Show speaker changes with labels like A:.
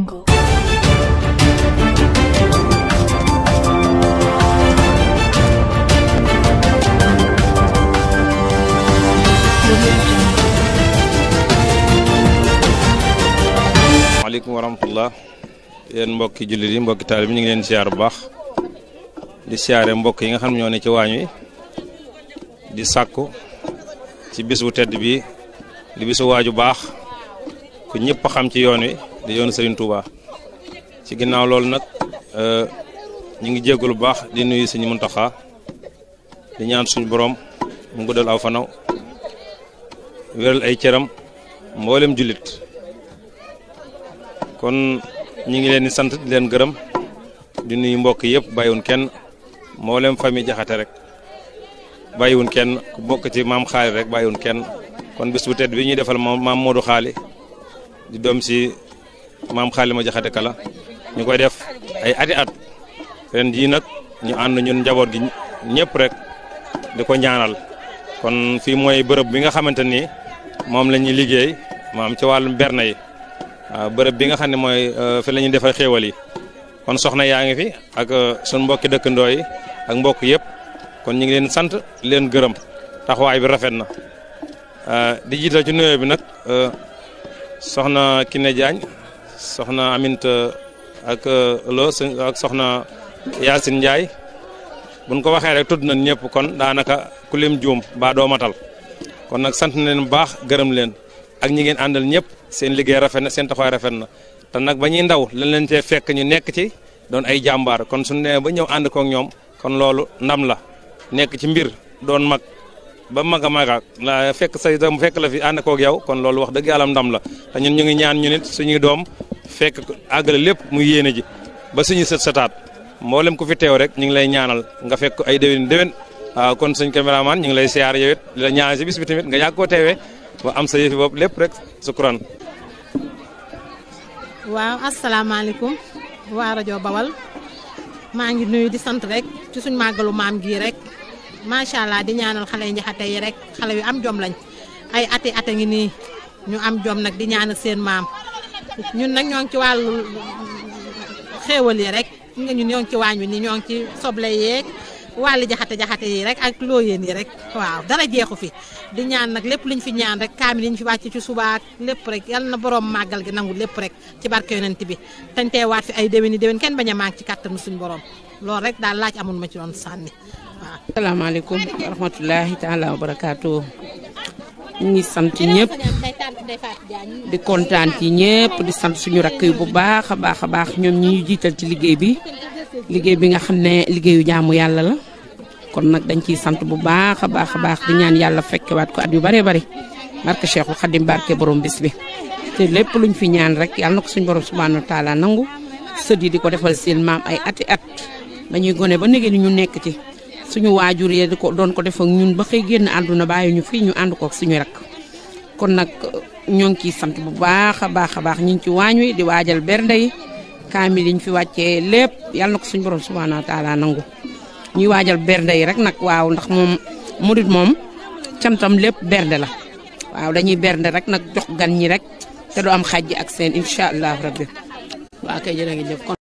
A: Jungle. maaleykum wa rahmatullah yéen mbokki jullit yi mbokki taal bi ñu ngi leen siyaar bu baax di siyaare mbokk yi nga xam ñoo ne ci waañ wi di sàkku ci bis bu tedd bi di bisu waaju baax ku ñëpp xam ci yoon wi di yoonu Serigne Touba ci ginnaaw loolu nag euh, ñu ngi jégalu bu baax di nuyu suñu Muntaxa di ñaan suñu boroom mu guddal aw fanaw wéral ay cëram mboolem jullit kon ñu ngi leen di sant di leen gërëm di nuyu mbokk yëpp bàyyiwun kenn mboolem famille jaxate rek bàyyiwun kenn ku bokk ci maam xaali rek bàyyiwun kenn kon bis bu tedd bi ñuy defal maam Modou xaali di doom si maam xaalima jaxate kala ñu koy def ay ati at ren jii nag ñu ànd ñun njaboot gi ñëpp rek di ko ñaanal kon fii mooy bërëb bi nga xamante ni moom la ñuy liggéey maam ci wàllum mberna yi bërëb bi nga xam ne mooy euh, fi lañuy ñuy defar xéewal yi kon soxna yaa ngi fi ak euh, suñ mbokki dëkkandoo yi ak mbokk yëpp kon ñu ngi leen sant leen gërëm taxawaay bi rafet na euh, di jiital ci nuyoo bi nag soxna Kiné Diagne soxna Aminta ak euh, Lo ak soxna Yacine njaay buñ ko waxee rek tudd na ñëpp kon daanaka ku lim juum baa doo matal kon nag sant na leen bu baax gërëm leen ak ñi ngeen àndal ñëpp seen liggéey rafet na seen taxawaay rafet na te nag ba ñuy ndaw lañ leen cee fekk ñu nekk ci doon ay jàmbaar kon suñu ba ñëw ànd kook ñoom kon loolu ndam la nekk ci mbir doon mag ba mag a maga la fekk say doom fekk la fi ànd kook yow kon loolu wax dëgg yàlla ndam la te ñun ñu ñaan ñu nit doom fekk àggale lépp mu yéene ji ba suñu set setaat mboolem ku fi teew rek ñu ngi lay ñaanal nga fekk ay déwén déwén kon suñ caméraman ñu ngi lay siyaar yow it la ñaanal si bis bi tamit nga yàgg koo teewee ba am sa yëfi bopp lépp rek sukkuraan.
B: waaw asalaamaaleykum waa rajo Bawal maa ngi nuyu di sant rek ci suñ màggalu maam gii rek macha allah di ñaanal xale yi njaxate yi rek xale yu am jom lañ ay ate ate ngi nii ñu am jom nag di ñaanal seen maam. ñun nag ñoo ngi ci wàllu xéewal yi rek nga ñun ñoo ci waañ wi ni ñoo ngi ci soble yeeg wàllu jaxate-jaxate yi rek ak loo looyéen yi rek waaw dara jeexu fi di ñaan nag lépp liñ fi ñaan rek kaamil yi ñu fi wàcc ci subaak lépp rek yal na borom màggal gi nangu lépp rek ci barke yonent bi tañ teewaat fi ay déwéni déwén kenn bañ a màgg ci kàttanu suñ borom loolu rek daal laaj amul ma ci doon sànni
C: waaw asalaamaaleykum wa rahmatullahi taala wa barakaatu ñu ngi sant ñëpp di kontaan ci ñëpp di sant suñu rakk yi bu baax a baax a baax ñoom ñu ngi jiital ci liggéey bi liggéey bi nga xam ne liggéeyu jaamu yàlla la kon nag dañ ciy sant bu baax a baax a baax di ñaan yàlla fekkewaat ko at yu baree bari barke Cheikhul Khadim barke borom bis bi te lépp luñ fi ñaan rek yàlla na ko suñ borom subhanahu wa taala nangu sët yi di ko defal seen maam ay ati at dañuy gone ba négé ni ñu nekk ci suñu waajur yee di ko doon ko def ñun ba xëy génn ànduna bàyyi ñu fii ñu ànd kook suñu rak kon nag uh, ñoo ngi ciy sant bu baax a baax a baax ñu ngi ci waañu yi di waajal bernde yi kaamil yi ñu fi wàccee lépp yàlla na ko suñu borom subhaana wa taala nangu ñuy waajal bernde yi rek nag waaw ndax moom mu murit moom cantam lépp bernde la waaw dañuy bernde rek nag jox gan ñi rek te du am xàjj ak seen incha allah rabbi
B: waa kay jërë ngeen jëf